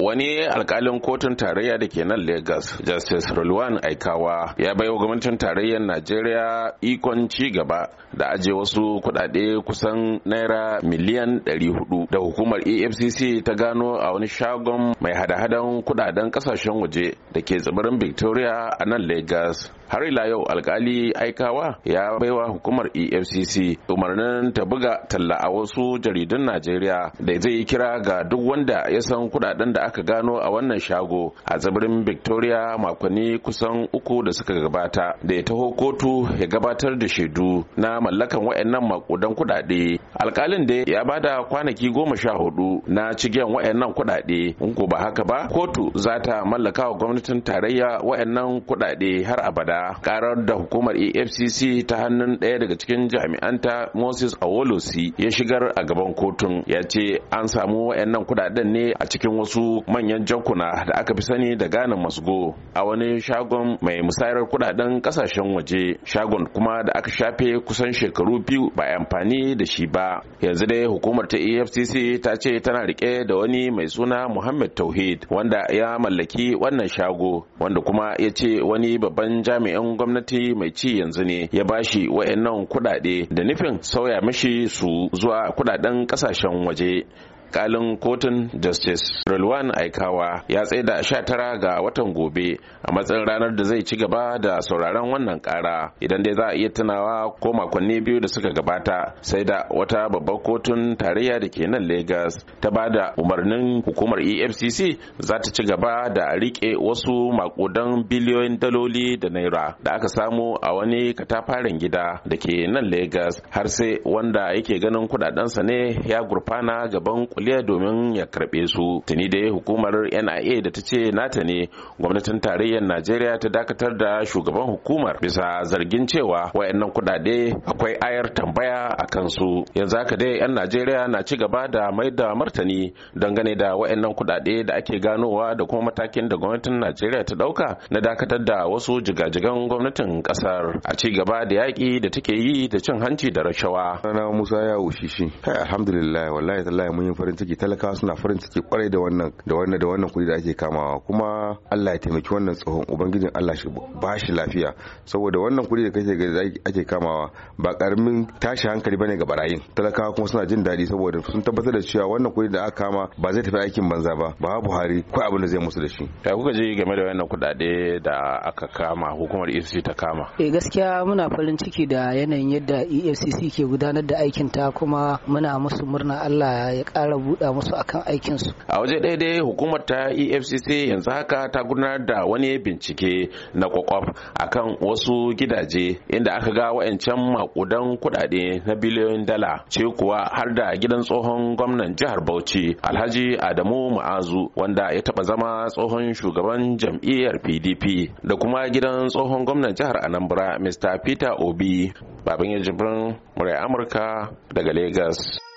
wani alkalin kotun tarayya da ke nan lagos justice rulwan aikawa ya baiwa gwamnatin tarayyar najeriya ikon ci gaba da aje wasu kudade kusan naira miliyan 400 da hukumar efcc ta gano a wani shagon mai hada-hadan kudaden kasashen waje da ke tsibirin victoria a nan lagos har ila yau alkali aikawa ya baiwa hukumar efcc umarnin ta buga talla a wasu jaridun najeriya da zai yi kira ga duk wanda ya san kudaden da aka gano a wannan shago a tsibirin victoria makonni kusan uku da suka gabata da ya taho kotu ya gabatar da shaidu na mallakan wayannan makudan kudade alkalin da ya bada kwanaki goma sha hudu na cigiyan wayannan kudade in ko ba haka ba kotu za ta mallaka wa gwamnatin tarayya wayannan kudade har abada karar da hukumar efcc ta hannun ɗaya daga cikin jami'anta moses awolosi ya shigar a gaban kotun ya ce an samu wayannan kudaden ne a cikin wasu manyan jankuna da aka fi sani da gane masgo a wani shagon mai musayar kudaden kasashen waje shagon kuma da aka shafe kusan shekaru biyu ba amfani da shi ba yanzu dai hukumar ta efcc ta ce tana rike da wani mai suna muhammad tauhid wanda ya mallaki wannan shago wanda kuma ya ce wani babban jami'in yan gwamnati mai ci yanzu ne ya bashi wayannan kudade da nufin sauya mashi su zuwa kudaden kasashen waje alkalin kotun justice rulwan aikawa ya tsaida tara ga watan gobe a matsayin ranar da zai ci gaba da sauraron wannan ƙara, idan dai za a iya tunawa ko makonni biyu da suka gabata sai da wata babbar kotun tarayya da ke nan lagos ta ba da umarnin hukumar efcc za ta ci gaba da rike wasu makudan biliyoyin daloli da naira da aka samu a wani katafaren gida da ke nan lagos har sai wanda yake ganin kudadensa ne ya gurfana gaban kuliya domin ya karbe su tuni da hukumar NIA da ta ce nata ne gwamnatin tarayyar Najeriya ta dakatar da shugaban hukumar bisa zargin cewa wayannan kudade akwai ayar tambaya a kansu yanzu haka dai 'yan Najeriya na ci gaba da mai da martani dangane da wayannan kudade da ake ganowa da kuma matakin da gwamnatin Najeriya ta dauka na dakatar da wasu jigajigan gwamnatin kasar a ci gaba da yaki da take yi da cin hanci da rashawa. Sana Musa ya wushishi. Alhamdulillah wallahi tallahi mun yi farin ciki talakawa suna farin ciki kwarai da wannan da wannan da wannan kuɗi da ake kamawa kuma Allah ya taimaki wannan tsohon ubangijin Allah shi ba shi lafiya saboda wannan kuɗi da kake da ake kamawa ba karamin tashi hankali bane ga barayin talakawa kuma suna jin daɗi saboda sun tabbatar da cewa wannan kuɗi da aka kama ba zai tafi aikin banza ba ba Buhari ko abin da zai musu da shi ya kuka ji game da wannan kuɗaɗe da aka kama hukumar EFCC ta kama eh gaskiya muna farin ciki da yanayin yadda EFCC ke gudanar da aikin ta kuma muna musu murna Allah ya ƙara buɗa musu akan aikinsu. A waje daidai hukumar ta EFCC yanzu haka ta gudanar da wani bincike na kwakwaf akan wasu gidaje inda aka ga wayancan makudan kuɗaɗe na biliyoyin dala ce kuwa har da gidan tsohon gwamnan jihar Bauchi Alhaji Adamu Ma'azu wanda ya taɓa zama tsohon shugaban jam'iyyar PDP da kuma gidan tsohon gwamnan jihar Anambra Mr. Peter Obi Babin Jibrin Amurka daga Legas.